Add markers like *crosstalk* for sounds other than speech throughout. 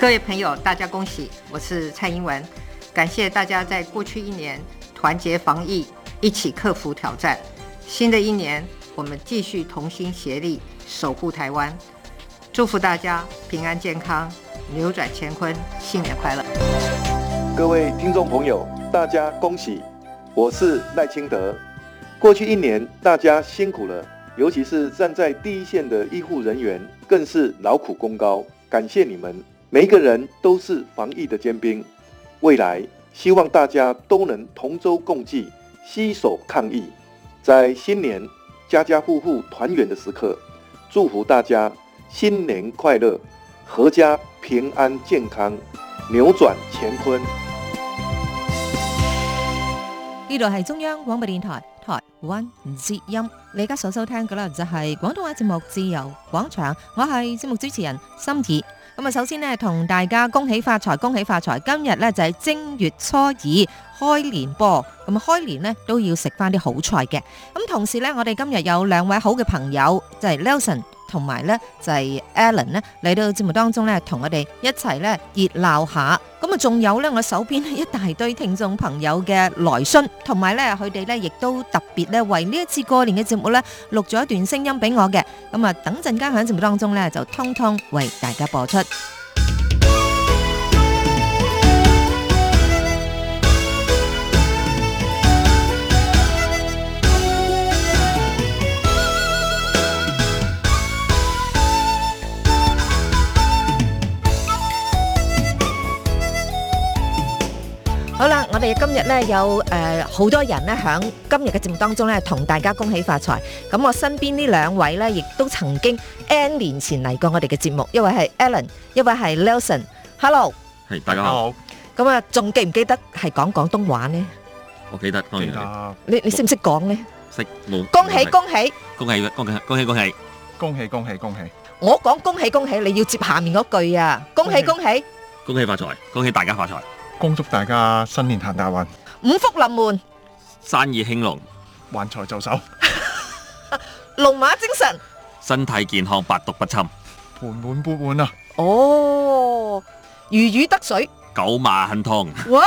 各位朋友，大家恭喜！我是蔡英文，感謝大家在過去一年團結防疫，一起克服挑戰。新的一年，我們繼續同心協力守護台灣，祝福大家平安健康，扭轉乾坤，新年快樂！各位聽眾朋友，大家恭喜！我是賴清德，過去一年大家辛苦了，尤其是站在第一線的醫護人員，更是勞苦功高，感謝你們。每一個人都是防疫的尖兵，未來希望大家都能同舟共濟，攜手抗疫。在新年家家戶戶團圓的時刻，祝福大家新年快樂，闔家平安健康，扭轉乾坤。呢度係中央廣播電台台灣之音，你而家所收聽嘅咧就係廣東話節目《自由廣場》，我係節目主持人心怡。咁首先呢，同大家恭喜發財，恭喜發財！今日呢，就係、是、正月初二開年波。咁啊開年呢，都要食翻啲好菜嘅。咁同時呢，我哋今日有兩位好嘅朋友，就係 Nelson 同埋呢，就係 Alan 呢，嚟到節目當中呢，同我哋一齊呢熱鬧下。咁啊，仲有呢，我手邊一大堆聽眾朋友嘅來信，同埋呢，佢哋呢亦都特別呢，為呢一次過年嘅節目呢，錄咗一段聲音俾我嘅。咁啊，等陣間喺節目當中呢，就通通為大家播出。我哋今日咧有誒好多人咧響今日嘅節目當中咧同大家恭喜發財。咁我身邊呢兩位咧亦都曾經 N 年前嚟過我哋嘅節目，一位係 Alan，一位係 Nelson。Hello，係大家好。咁啊，仲記唔記得係講廣東話咧？我記得當然啦。你你識唔識講咧？識。恭喜恭喜，恭喜恭喜，我講恭喜恭喜，你要接下面嗰句呀，恭喜恭喜，恭喜發財，恭喜大家發財恭祝大家新年行大運，五福臨門，生意興隆，橫財就手，龍馬精神，身體健康，百毒不侵，盆滿鉢滿啊！哦，如魚得水，九馬亨通。哇！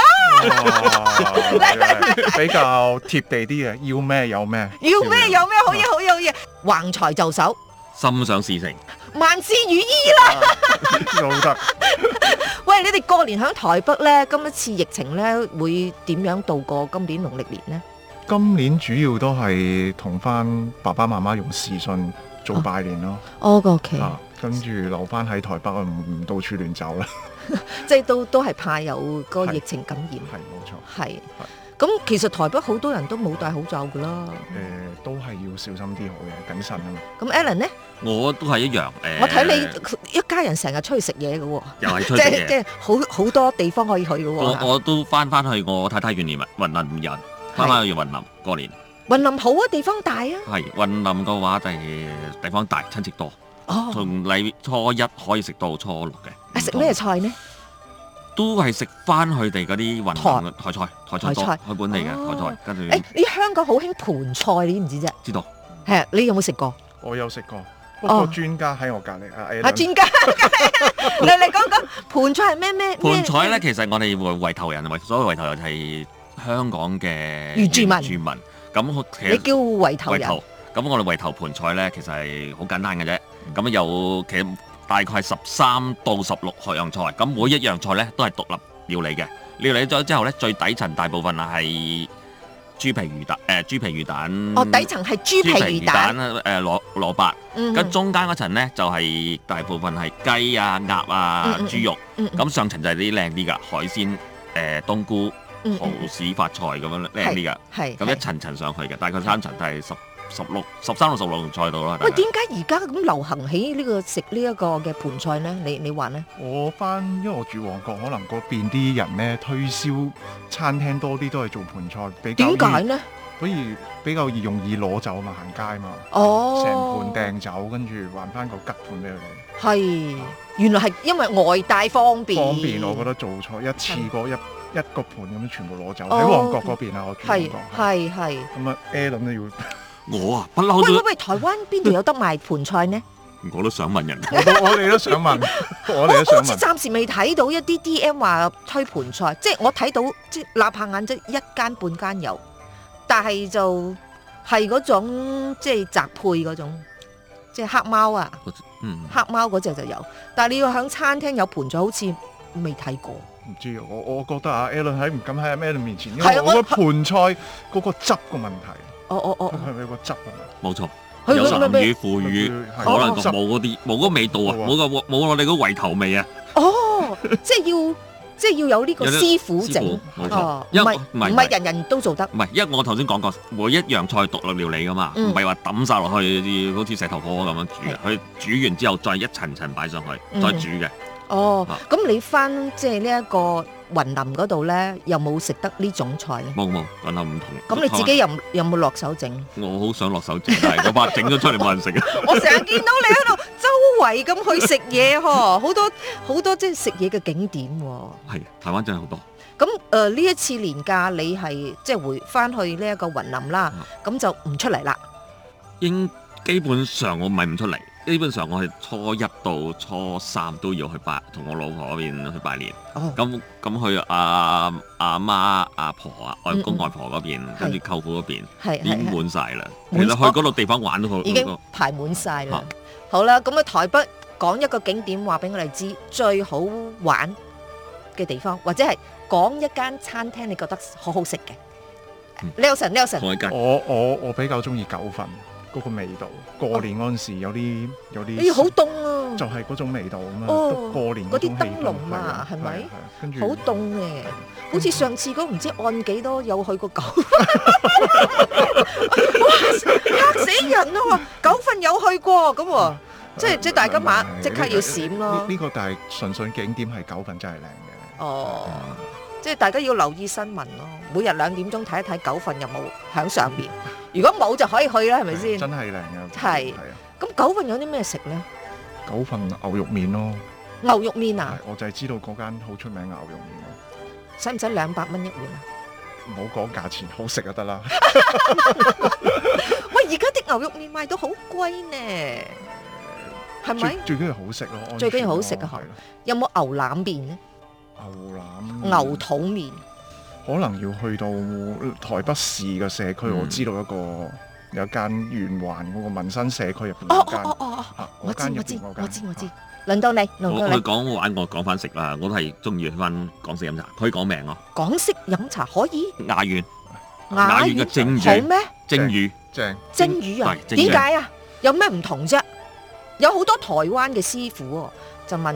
比較貼地啲嘅，要咩有咩，要咩有咩，好嘢好嘢好嘢，橫財就手，心想事成。萬事如意啦！得 *laughs* 。 *laughs* 喂，你哋過年喺台北咧，今一次疫情咧，會點樣度過今年農曆年咧？今年主要都係同翻爸爸媽媽用視訊做拜年咯。哦，個屋企，跟住留翻喺台北啊，唔唔到處亂走啦。 *laughs* *laughs* 即係都都係怕有個疫情感染。係冇錯。係是。咁其實台北好多人都冇戴口罩㗎啦。誒，都係要小心啲好嘅，謹慎啊嘛。咁 Alan 呢，我都係一樣。誒，我睇你一家人成日出去食嘢嘅喎。又係出去嘅。即係即係，好好多地方可以去㗎喎。我我都翻翻去我太太原嚟雲雲南人，翻翻去雲南過年。雲南好啊，地方大啊。係雲南嘅話，就係地方大，親戚多。哦。從例初一可以食到初六嘅。啊，食咩菜呢？都係食翻佢哋嗰啲台台菜，台菜多，本地嘅台菜。跟住，誒，你香港好興盤菜，你知唔知啫？知道，係啊，你有冇食過？我有食過，不過專家喺我隔離啊，專家，你嚟講講盤菜係咩咩？盤菜咧，其實我哋圍頭人，所謂圍頭人係香港嘅原住民，住民。咁其實你叫圍頭人，咁我哋圍頭盤菜咧，其實係好簡單嘅啫。咁啊又其實。大概十三到十六樣菜，咁每一樣菜咧都係獨立料理嘅。料理咗之後咧，最底層大部分係豬皮魚蛋，誒豬皮魚蛋。哦，底層係豬皮魚蛋。豬皮魚蛋，誒蘿蘿蔔。嗯。咁中間嗰層咧就係大部分係雞啊、鴨啊、豬肉。嗯，咁上層就係啲靚啲㗎，海鮮、誒冬菇、蠔豉發菜咁樣靚啲㗎。係。咁一層層上去嘅，大概三層都係十。十六十三到十六盤菜度啦。喂，點解而家咁流行起呢個食呢一個嘅盤菜咧？你你話咧？我翻，因為我住旺角，可能嗰邊啲人咧推銷餐廳多啲，都係做盤菜比較。點解咧？所以比較容易攞走啊嘛，行街啊嘛。哦。成盤掟走，跟住還翻個吉盤俾佢哋。係，原來係因為外帶方便。方便，我覺得做菜一次過一一個盤咁樣全部攞走，喺旺角嗰邊啊！我聽講係係係。咁啊，air 咁都要。我啊，不嬲都喂。喂喂喂，台灣邊度有得賣盆菜呢 *laughs* 我？我都想問人。 *laughs* *laughs* 我哋都想問， *laughs* 我哋都想問。暫時未睇到一啲 D M 話推盆菜， *laughs* 即係我睇到即立眨下眼即一間半間有，但係就係嗰種即係宅配嗰種，即係黑貓啊，我嗯、黑貓嗰隻就有，但係你要喺餐廳有盆菜，好似未睇過。唔知我我覺得阿 Alan 喺唔敢喺阿 Mel 面前，因為我覺得盆菜嗰個汁個問題。哦哦哦，係咪個汁啊？冇錯，有鹹魚腐魚，可能就冇嗰啲冇嗰味道啊，冇個冇我哋個圍頭味啊！哦，即係要即係要有呢個師傅整，冇錯，因為，唔係唔係人人都做得。唔係，因為我頭先講過，每一樣菜獨立料理噶嘛，唔係話抌晒落去啲，好似石頭火鍋咁樣煮，佢煮完之後再一層層擺上去，再煮嘅。哦，咁你翻即係呢一個。雲林嗰度咧，有冇食得呢種菜咧？冇冇，講下唔同。咁你自己又有冇落手整？我好想落手整，但係我怕整咗出嚟冇人食。我成日見到你喺度周圍咁去食嘢，嗬，好多好多即係食嘢嘅景點喎。係，台灣真係好多。咁誒呢一次年假，你係即係回翻去呢一個雲林啦，咁就唔出嚟啦。應基本上我唔係唔出嚟。基本上我係初一到初三都要去拜，同我老婆嗰邊去拜年。哦。咁咁去阿阿媽、阿婆啊、外公、外婆嗰邊，跟住舅父嗰邊，係係滿晒啦。其實去嗰度地方玩都已經排滿晒啦。好啦，咁啊台北講一個景點，話俾我哋知最好玩嘅地方，或者係講一間餐廳，你覺得好好食嘅。Nelson，Nelson。同一間。我我我比較中意九份。嗰個味道，過年嗰陣時有啲有啲，哎，好凍啊！就係嗰種味道咁啊！哦，過年嗰啲燈籠啊，係咪？跟住好凍嘅，好似上次都唔知按幾多有去過九份，嚇死人啊！九份有去過咁喎，即係即係大家晚即刻要閃咯。呢個但係純粹景點係九份真係靚嘅。哦。即係大家要留意新聞咯，每日兩點鐘睇一睇九份有冇喺上邊，如果冇就可以去啦，係咪先？真係靚嘅，係。咁九份有啲咩食咧？九份牛肉麵咯。牛肉麵啊？我就係知道嗰間好出名嘅牛肉麵咯。使唔使兩百蚊一碗呀？唔好講價錢，好食就得啦。喂，而家啲牛肉麵賣到好貴呢？係咪？最緊要好食咯，最緊要好食呀。有冇牛腩麵咧？牛腩、牛肚麵，可能要去到台北市嘅社區，我知道一個有間圓環嗰個民生社區入邊。哦哦哦哦哦，我知我知我知我知，輪到你輪到你。我講玩我講翻食啦，我都係中意去翻港式飲茶，可以講名啊。港式飲茶可以。雅苑，雅苑嘅蒸魚好咩？蒸魚，蒸蒸魚啊？點解啊？有咩唔同啫？有好多台灣嘅師傅就問。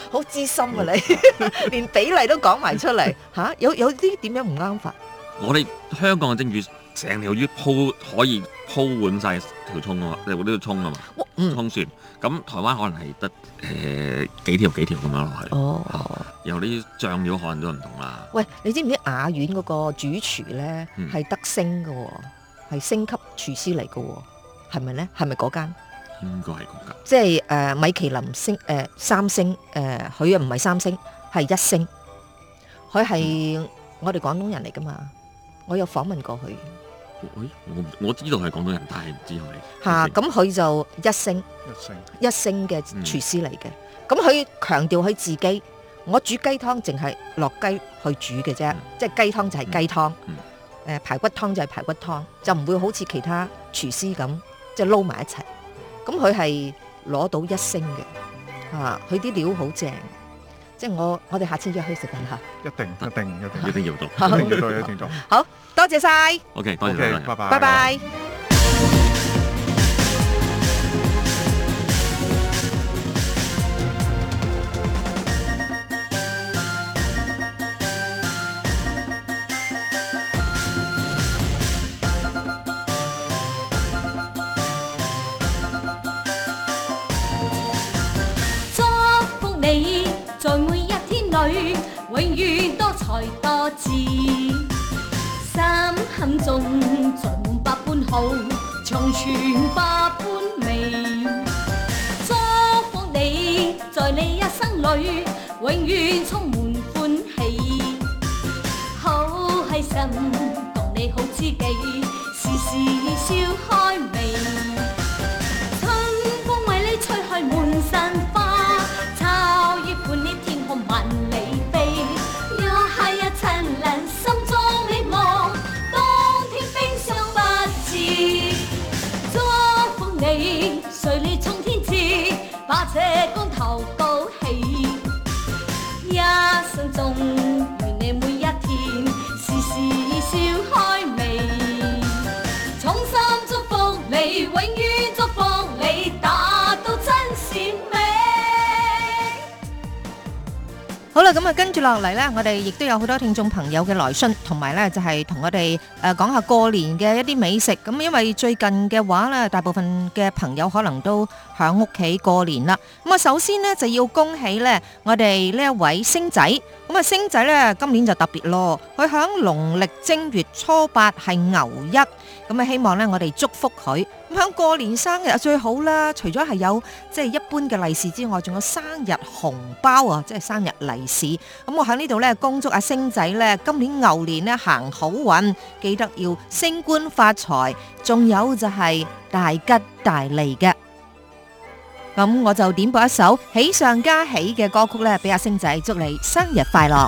好資深啊你， *laughs* *laughs* 連比例都講埋出嚟嚇、 *laughs* 啊，有有啲點樣唔啱法？ *laughs* 我哋香港嘅蒸魚，成條魚鋪可以鋪滿晒條葱啊嘛，呢度葱啊嘛，葱蒜哇。咁、嗯、台灣可能係得誒幾條幾條咁樣落去。哦，然後啲醬料可能都唔同啦。喂，你知唔知雅苑嗰個主廚咧係得星㗎喎，係星級廚師嚟㗎喎，係咪咧？係咪嗰間？應該係咁㗎，即係誒米其林星誒三星誒，佢又唔係三星，係一星。佢係我哋廣東人嚟噶嘛？我有訪問過佢。誒，我我知道係廣東人，但係唔知係咪。嚇，咁佢就一星，一星，一星嘅廚師嚟嘅。咁佢強調佢自己，我煮雞湯淨係落雞去煮嘅啫，即係雞湯就係雞湯，誒排骨湯就係排骨湯，就唔會好似其他廚師咁即係撈埋一齊。咁佢係攞到一星嘅，啊！佢啲料好正，即係我我哋下次約去食飯嚇。一定，一定，一定，啊，一定要到， *laughs* 一定要，一定要到。 *laughs* 好， *laughs* 好多謝晒！OK，多謝拜拜。拜拜 Okay,。在夢百般好，長存百般美。祝福你在你一生裏，永遠充滿。跟住落嚟呢，我哋亦都有好多聽眾朋友嘅來信，同埋呢就係、是、同我哋誒、呃、講下過年嘅一啲美食。咁、嗯、因為最近嘅話呢，大部分嘅朋友可能都喺屋企過年啦。咁、嗯、啊，首先呢，就要恭喜呢我哋呢一位星仔。咁啊，星仔咧今年就特別咯，佢響農曆正月初八係牛一，咁啊希望咧我哋祝福佢，咁響過年生日最好啦，除咗係有即係一般嘅利是之外，仲有生日紅包啊，即係生日利是。咁我響呢度咧恭祝阿、啊、星仔咧今年牛年咧行好運，記得要升官發財，仲有就係大吉大利嘅。咁我就點播一首喜上加喜嘅歌曲呢，俾阿星仔祝你生日快樂。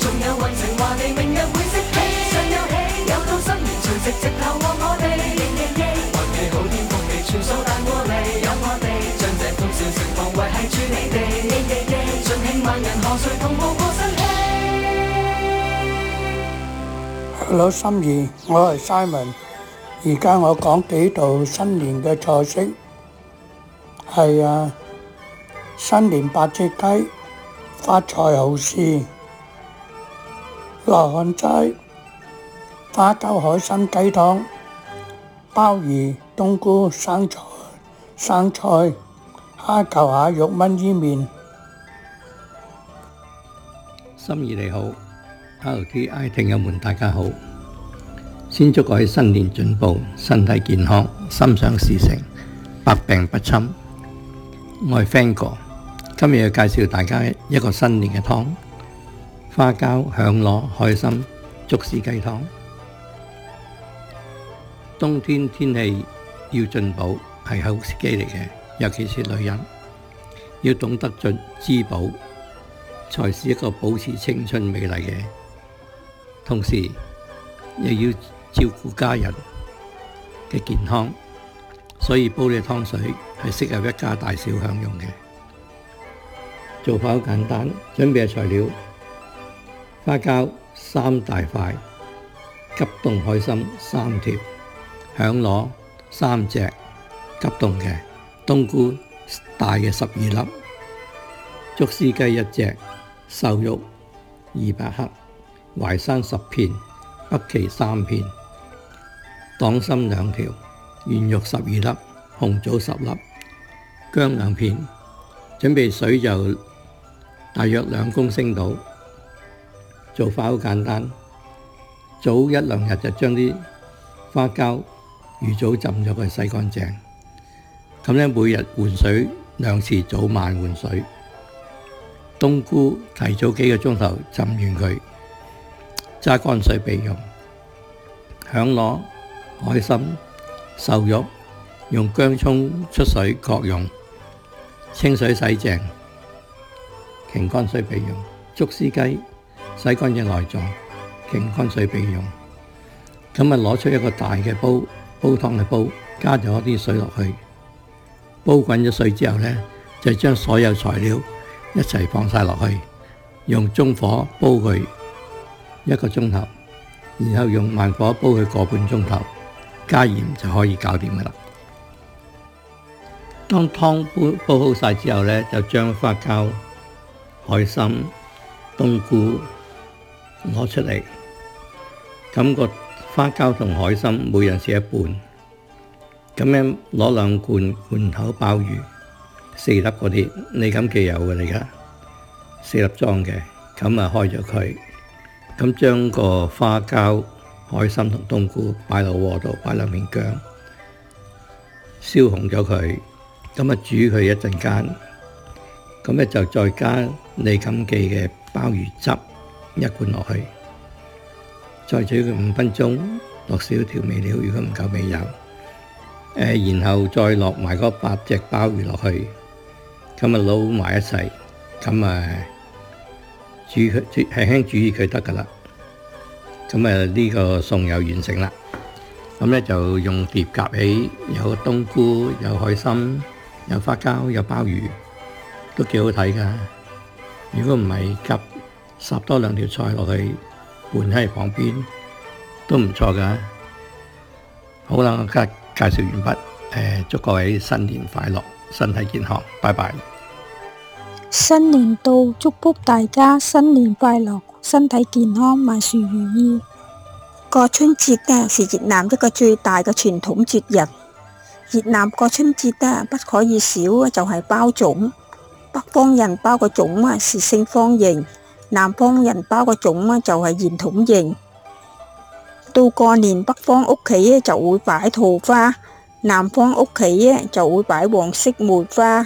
老心怡，我係 Simon，而家我講幾道新年嘅菜式。係啊，新年白切雞，發財好市。羅漢齋，花膠海參雞湯，鮑魚、冬菇、生菜、生菜、蝦球、蟹肉炆伊麵。心怡你好。Hello，RTI 聽友們，大家好！先祝各位新年進步，身體健康，心想事成，百病不侵。我係 Fang 哥，今日要介紹大家一個新年嘅湯——花膠響螺海參竹絲雞湯。冬天天氣要進補係好時機嚟嘅，尤其是女人要懂得進滋補，才是一個保持青春美麗嘅。同時，又要照顧家人嘅健康，所以煲呢湯水係適合一家大小享用嘅。做法好簡單，準備材料：花膠三大塊，急凍海參三條，響螺三隻，急凍嘅冬菇大嘅十二粒，竹絲雞一隻，瘦肉二百克。淮山十片，北芪三片，黨參兩條，圓肉十二粒，紅棗十粒，薑兩片。準備水就大約兩公升到。做法好簡單，早一兩日就將啲花膠、魚棗浸咗佢洗乾淨。咁咧，每日換水兩次，早晚換水。冬菇提早幾個鐘頭浸軟佢。揸乾水備用，響螺海參、瘦肉，用姜蔥出水焗用，清水洗淨，淨乾水備用。竹絲雞洗乾淨內臟，淨乾水備用。咁啊，攞出一個大嘅煲，煲湯嘅煲，加咗啲水落去，煲滾咗水之後呢，就將所有材料一齊放晒落去，用中火煲佢。一個鐘頭，然後用慢火煲佢個半鐘頭，加鹽就可以搞掂㗎喇。當湯煲，煲好曬之後呢，就將花膠、海參、冬菇攞出嚟。咁個花膠同海參每人食一半。咁樣攞兩罐罐頭鮑魚，四粒嗰啲，你咁既有嘅嚟嘅，四粒裝嘅，咁啊開咗佢。咁將個花膠、海參同冬菇擺落鍋度，擺兩片姜，燒紅咗佢，咁啊煮佢一陣間，咁咧就再加李錦記嘅鮑魚汁一罐落去，再煮佢五分鐘，落少少調味料，如果唔夠味油，呃，然後再落埋嗰八隻鮑魚落去，咁啊撈埋一齊，煮佢輕輕煮佢得㗎啦，咁誒呢個餸又完成啦。咁咧就用碟夾起，有冬菇，有海參，有花膠，有鮑魚，都幾好睇㗎。如果唔係夾，十多兩條菜落去拌喺旁邊都唔錯㗎。好啦，今日介紹完畢，祝各位新年快樂，身體健康，拜拜。新年到，祝福大家新年快樂，身體健康，萬事如意。過春節咧，是越南一個最大嘅傳統節日。越南過春節咧，不可以少嘅就係包粽。北方人包嘅粽啊，是四方形；南方人包嘅粽啊，就係圓筒形。到過年，北方屋企咧就會擺桃花，南方屋企咧就會擺黃色梅花。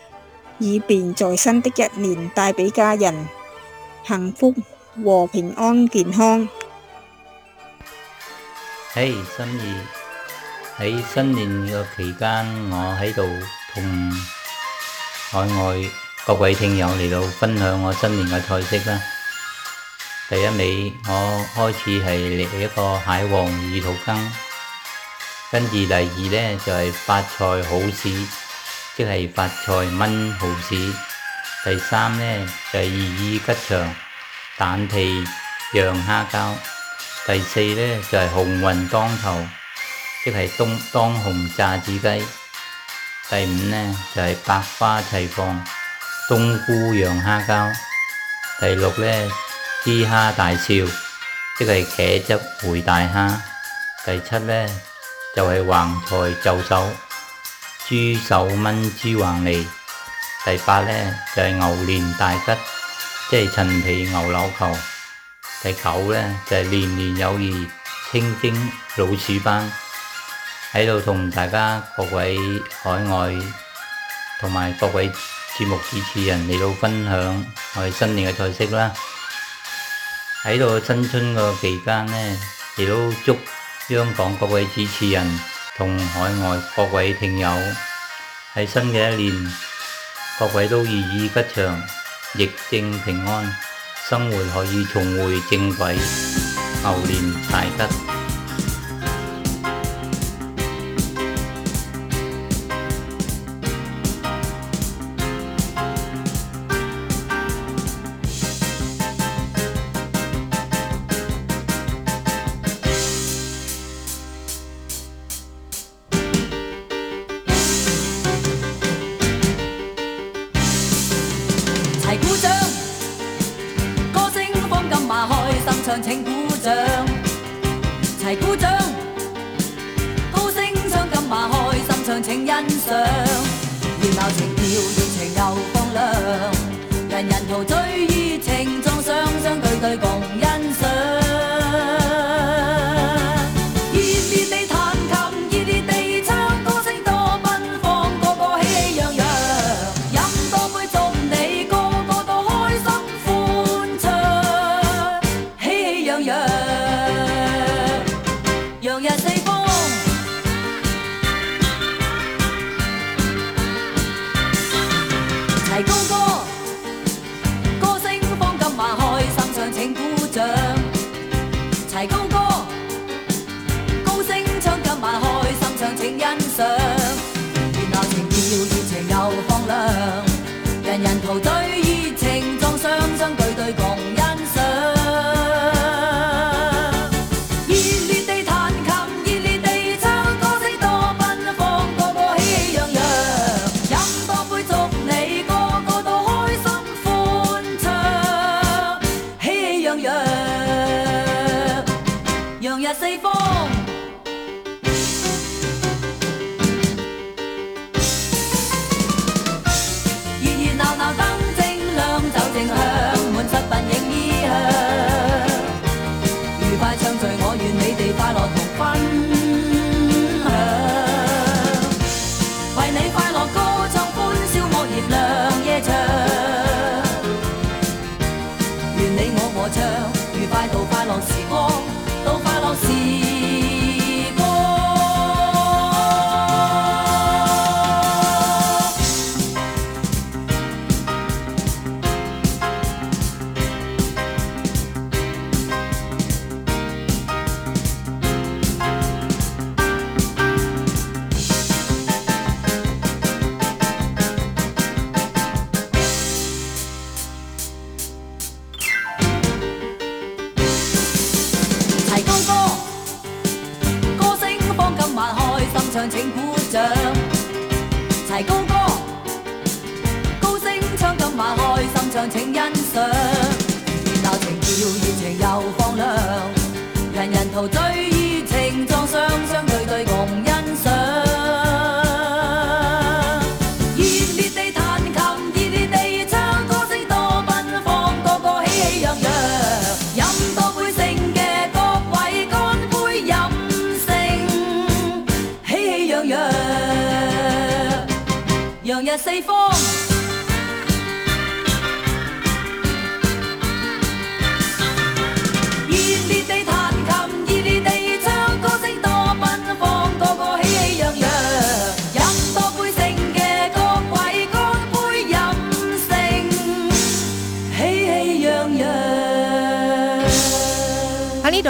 以便在新的一年帶俾家人幸福和平安健康。嘿、hey，心怡喺新年嘅期間，我喺度同海外各位聽友嚟到分享我新年嘅菜式啦。第一味，我開始係一個蟹黃魚肚羹，跟住第二呢，就係、是、發菜好市。即係發財炆蠔豉。第三呢，就係、是、寓意義吉祥，蛋皮釀蝦膠。第四呢，就係鴻運當頭，即係冬當紅炸子雞。第五呢，就係、是、百花齊放，冬菇釀蝦膠。第六呢，基蝦大笑，即係茄汁燴大蝦。第七呢，就係、是、橫財就手。豬手炆豬橫脷，第八呢，就係、是、牛年大吉，即係陳皮牛柳球。第九呢，就係、是、年年有餘，清蒸老鼠斑。喺度同大家各位海外同埋各位節目主持人嚟到分享我哋新年嘅菜式啦。喺度新春嘅期間呢，亦都祝香港各位主持人。同海外各位聽友喺新嘅一年，各位都如意吉祥，疫症平安，生活可以重回正軌，牛年大吉！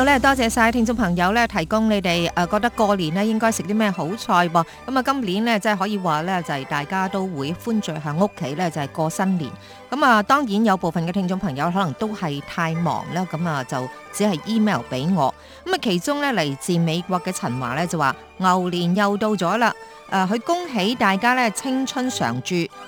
咧多謝晒聽眾朋友咧提供你哋誒、呃、覺得，過年咧應該食啲咩好菜噉啊、呃、今年咧即係可以話呢就係、是、大家都會歡聚喺屋企呢就係、是、過新年咁啊、呃、當然有部分嘅聽眾朋友可能都係太忙啦，咁啊就只係 email 俾我咁啊、呃、其中呢，嚟自美國嘅陳華呢，就話牛年又到咗啦，誒佢恭喜大家呢，青春常駐，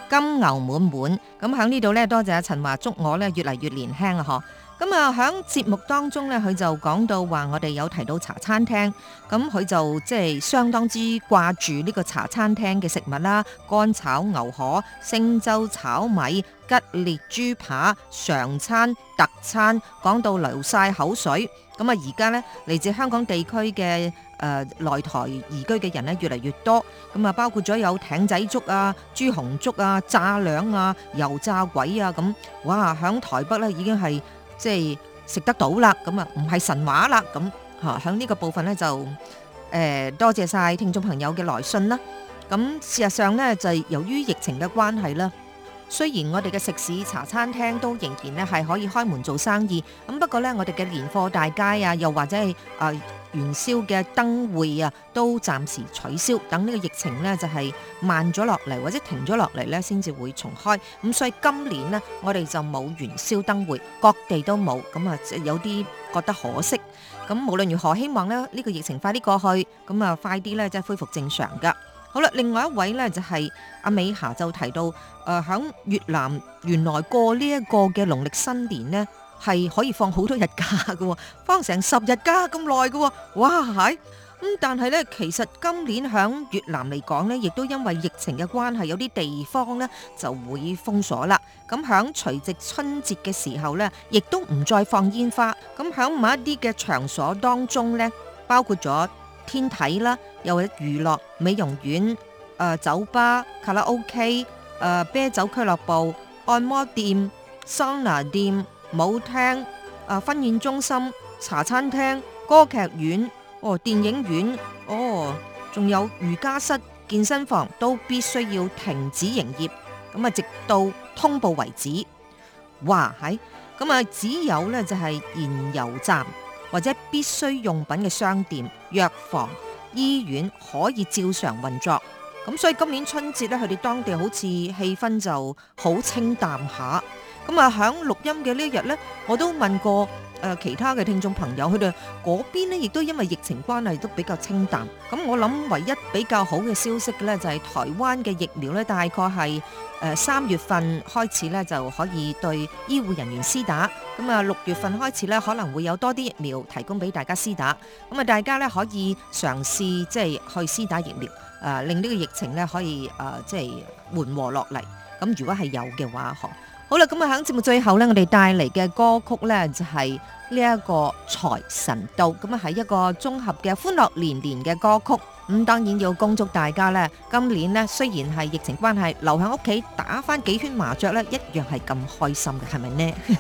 金牛滿滿，咁喺呢度呢，多謝阿陳華祝我呢越嚟越年輕啊嗬咁啊！響節目當中咧，佢就講到話，我哋有提到茶餐廳，咁佢就即係相當之掛住呢個茶餐廳嘅食物啦，乾炒牛河、星洲炒米、吉列豬扒、常餐、特餐，講到流晒口水。咁啊，而家咧嚟自香港地區嘅誒嚟台移居嘅人咧越嚟越多，咁啊包括咗有艇仔粥啊、豬紅粥啊、炸兩啊、油炸鬼啊，咁哇！響台北咧已經係。即係食得到啦，咁啊唔係神話啦，咁吓響呢個部分呢，就誒、呃、多謝晒聽眾朋友嘅來信啦。咁事實上呢，就由於疫情嘅關係啦，雖然我哋嘅食肆、茶餐廳都仍然呢係可以開門做生意，咁不過呢，我哋嘅年貨大街啊，又或者係啊，呃元宵嘅燈會啊，都暫時取消，等呢個疫情呢就係慢咗落嚟或者停咗落嚟呢先至會重開。咁所以今年呢，我哋就冇元宵燈會，各地都冇，咁啊有啲覺得可惜。咁無論如何，希望咧呢個疫情快啲過去，咁啊快啲呢，即係恢復正常噶。好啦，另外一位呢，就係阿美霞就提到，誒喺越南原來過呢一個嘅農曆新年呢。係可以放好多日假㗎，放成十日假咁耐㗎，哇！係咁，但係呢，其實今年響越南嚟講呢，亦都因為疫情嘅關係，有啲地方呢就會封鎖啦。咁響除夕春節嘅時候呢，亦都唔再放煙花。咁、嗯、響某一啲嘅場所當中呢，包括咗天體啦，又或者娛樂美容院、誒、呃、酒吧、卡拉 O、OK, K、呃、誒啤酒俱樂部、按摩店、桑拿店。舞廳、啊婚宴中心、茶餐廳、歌劇院、哦電影院、哦，仲有瑜伽室、健身房都必須要停止營業，咁啊直到通報為止。哇，喺咁啊只有呢，就係燃油站或者必須用品嘅商店、藥房、醫院可以照常運作。咁所以今年春節呢，佢哋當地好似氣氛就好清淡下。咁啊！響錄音嘅呢一日咧，我都問過誒、呃、其他嘅聽眾朋友，佢哋嗰邊咧亦都因為疫情關係都比較清淡。咁我諗唯一比較好嘅消息咧，就係、是、台灣嘅疫苗咧，大概係誒三月份開始咧就可以對醫護人員施打。咁啊，六月份開始咧可能會有多啲疫苗提供俾大家施打。咁啊，大家咧可以嘗試即係去施打疫苗，誒、呃、令呢個疫情咧可以誒即係緩和落嚟。咁如果係有嘅話呵。好啦，咁啊，喺節目最後呢，我哋帶嚟嘅歌曲呢，就係呢一個財神到，咁啊係一個綜合嘅歡樂連連嘅歌曲。咁當然要恭祝大家呢，今年呢，雖然係疫情關係，留喺屋企打翻幾圈麻雀呢，一樣係咁開心嘅，係咪呢？ *laughs*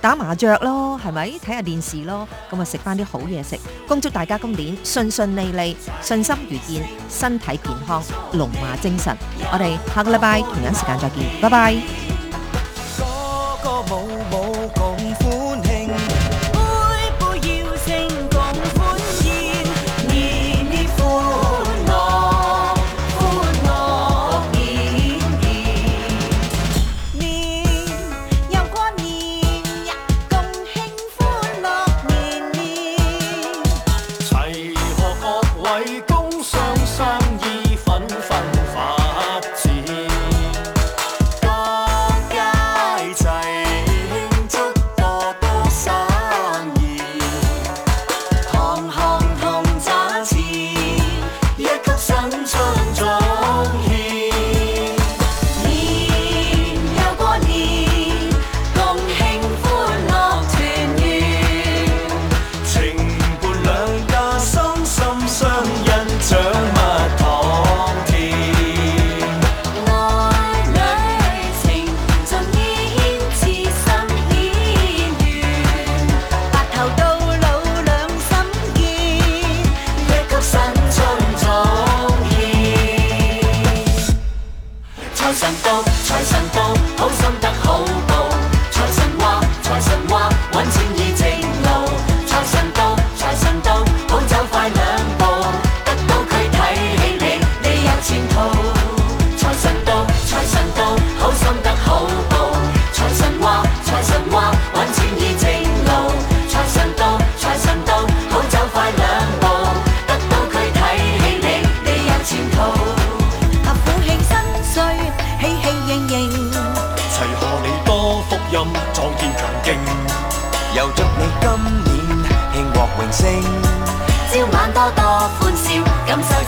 打麻雀咯，係咪？睇下電視咯，咁啊食翻啲好嘢食。恭祝大家今年順順利利，順心如意，身體健康，龍馬精神。我哋下個禮拜同一時間再見，拜拜。